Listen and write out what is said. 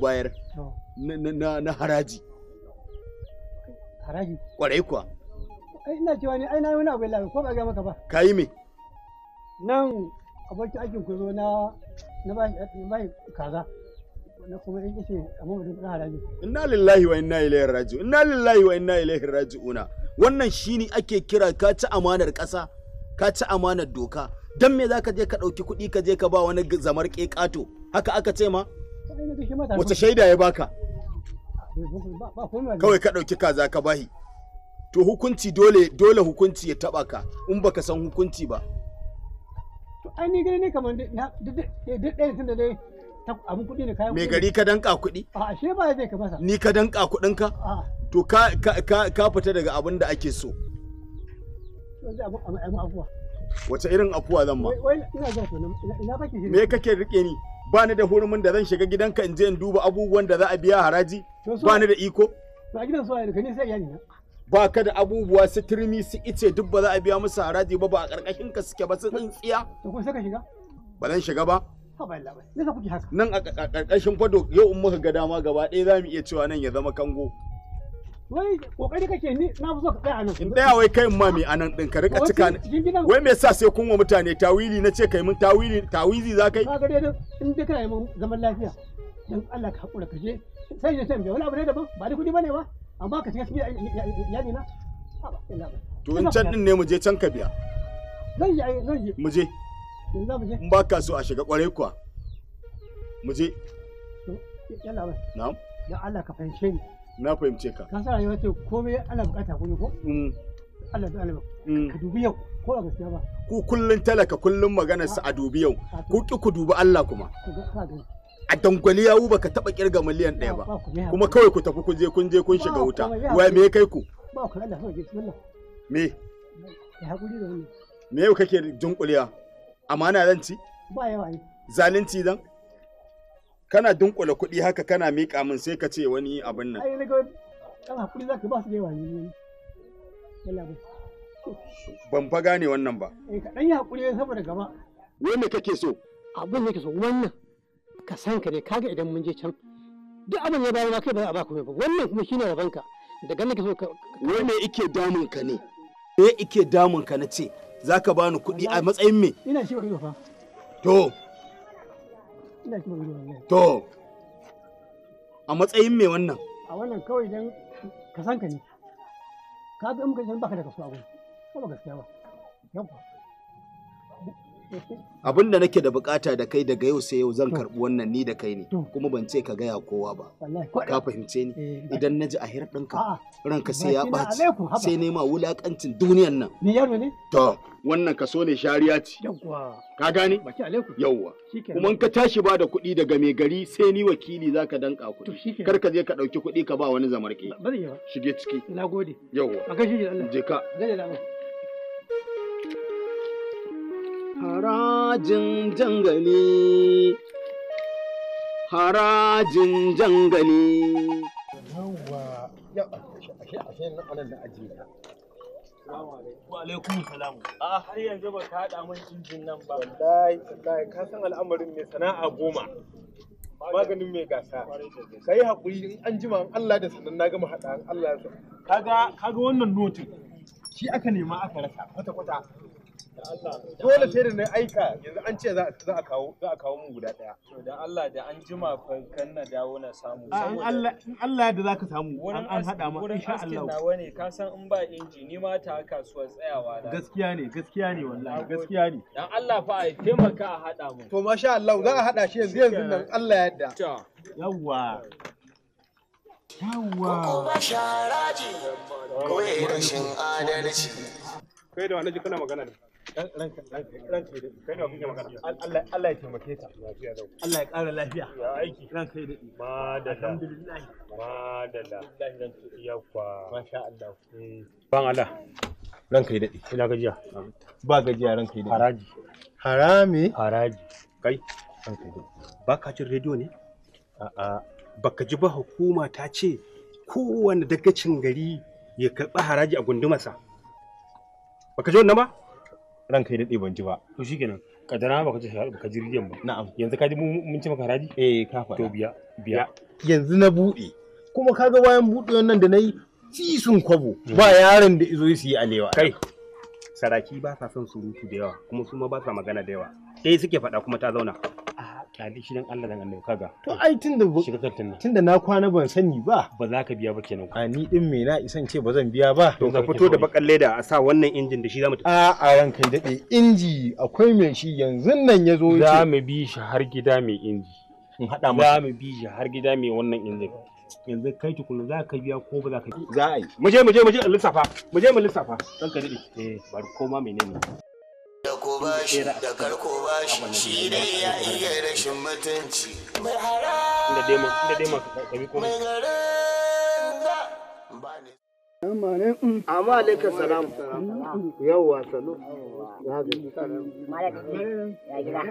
bayar na haraji haraji kwarai kuwa ai ina cewa ne ai na wani abu lafi ko ba ga maka ba ka yi me nan abokin aikin ku zo na na bayan kaza na kuma in ce a mamadin na haraji inna lillahi wa inna ilaihi raji'un inna lillahi wa inna ilaihi una wannan shine ake kira ka ci amanar ƙasa ka ci amanar doka don me za ka je ka ɗauki kuɗi ka je ka ba wani zamar ƙeƙato haka aka ce ma wace shaida ya baka kawai ka ɗauki kaza ka bahi to hukunci dole dole hukunci ya taba ka in baka san hukunci ba to ai ni gani ne kamar da ɗaya tun da dai eh, abin kuɗi ne kayan me gari ka danka kuɗi a ashe ba zai ka masa ni ka danka kuɗin ka to ka ka ka fita daga abin da ake so wace irin afuwa zan ba? me kake rike ni ba ni da hurumin da zan shiga gidanka in je in duba abubuwan da za a biya haraji ba ni da iko ba gidan su ne sai iyali na ba ka da abubuwa su turmi su ice duk ba za a biya musu haraji ba ba a karkashin ka suke ba su tsintsiya to ko sai ka shiga ba zan shiga ba nan a karkashin fado yau in muka ga dama gaba ɗaya za mu iya cewa nan ya zama kango wai kokari kake ni na fi so ka in tsaya wai kai ma me nan ɗin ka rika cika wai me yasa sai kun wa mutane tawili na ce kai mun tawili tawizi za kai kaga in dai kana mun zaman lafiya dan Allah ka ka sai ya wani abu ne da ba can din ne mu can ka biya zan yi zan ba so a shiga kuwa mu je ka fahimce ni na fahimce ka ka sa rayuwa ce komai ana bukata ko ne mm. ko Allah da Allah mm. ka dubi yau ko a gaskiya ba ku kullun talaka kullun magana su a dubi yau ku ki ku dubi Allah kuma a dangwali yawu baka taba kirga miliyan ɗaya ba kuma kawai ku tafi kun je kun je kun shiga wuta wai me kai ku ba ku Allah bismillah. me ya hakuri da wannan me yau kake dunkuliya amana zan ci ba yawa zalunci dan kana dunkula kuɗi haka kana miƙa min sai ka ce wani abin nan ai kana kuɗi zaka ba su da yawa ban fa gane wannan ba eh ka dan yi hakuri saboda gaba wanda kake so abin da kake so wannan ka san ka ne kaga idan mun je can duk abin ya bayar ma kai ba a ba kuma ba wannan kuma shine rabanka da ganin ka so ka wanne ike damun ka ne me ike damun ka na ce zaka bani kuɗi a matsayin me ina shi ba fa to To, a matsayin me wannan? A wannan kawai don ka san ka ne. Ka ga in ka san baka da kasuwa gudu. Kuma gaskiya ba. Yawwa. abin da nake da bukata da kai daga yau sai yau zan karbi wannan ni da kai ne kuma ban ce ka gaya kowa ba ka fahimce ni eh, idan naji a hira ɗinka ranka sai ya ɓaci sai nema wulakancin duniyan nan ni yaro ne to wannan kaso ne shariya ce ka gane yawwa kuma ka tashi ba da kuɗi daga mai gari sai ni wakili zaka danka kuɗi kar ka je ka ɗauki kuɗi ka ba wani zamarke shige ciki nagode yawwa a gashi Allah je ka harajin jangali harajin jangali yawwa ya wa alaikum salam a ah, har yanzu ba ka haɗa min injin nan ba wallahi wallahi ka san al'amarin mai sana'a goma maganin mai gasa ka yi haƙuri in an jima in Allah da sanan na gama haɗa in Allah ya so Ka ga wannan notin shi aka nema aka rasa kwata kwata dole sai da na aika yanzu an ce za a kawo za a kawo mun guda daya to da Allah da an jima fa kan na dawo na samu saboda Allah in Allah ya da zaka samu an an hada ma insha Allah nawa ne ka san in ba inji ni ma ta kasuwar tsayawa da gaskiya ne gaskiya ne wallahi gaskiya ne dan Allah fa ai taimaka a hada mu to masha Allah za a hada shi yanzu yanzu nan Allah ya yarda yawwa yawwa ko ba sharaji ko rashin adalci kai da wani kana magana ne Allah ya taimake ka. Allah ya ƙara lafiya. Ya aiki. Ranka ya daɗi. Madalla. Alhamdulillah. Madalla. Yawwa. Masha Allah. Ban Allah. Ranka ya da Ina gajiya. Ba gajiya ranka ya daɗi. Haraji. Harami. Haraji. Kai. Ranka ya daɗi. Ba ka jin rediyo ne? A'a. Baka ji ba hukuma ta ce kowane dagacin gari ya karɓi haraji a gundumarsa. Baka ji wannan ba? ranka yi daɗe ban ji ba to kenan kadana ba ka jirgin ba na'am yanzu ka ji mun ci maka haraji eh ka faɗa to biya biya yanzu na buɗe kuma kaga bayan buɗe nan da nayi cisun kwabo mm. ba yaron da izo su yi alewa kai saraki ba sa son surutu da yawa kuma su ma ba sa magana da yawa sai suke faɗa kuma ta zauna kyale shi dan Allah dan annabi kaga to ai tunda shiga kantin nan tunda na kwana ban sani ba ba za ka biya ba kenan a ni din me na isan ce ba zan biya ba to ka fito da bakan leda a sa wannan injin da shi zamu a a ran kai dade inji akwai mai shi yanzu nan ya zo za mu bi shi har gida mai inji in hada masa za mu bi shi har gida mai wannan injin yanzu kai tukuna za ka biya ko ba za ka biya za a yi mu je mu je mu je lissafa mu je mu lissafa dan dade eh bari koma menene bashi da karko bashi shi ya iya rashin mutunci mai hara da dai da kabi ba ne amma salam yawwa salo ya gida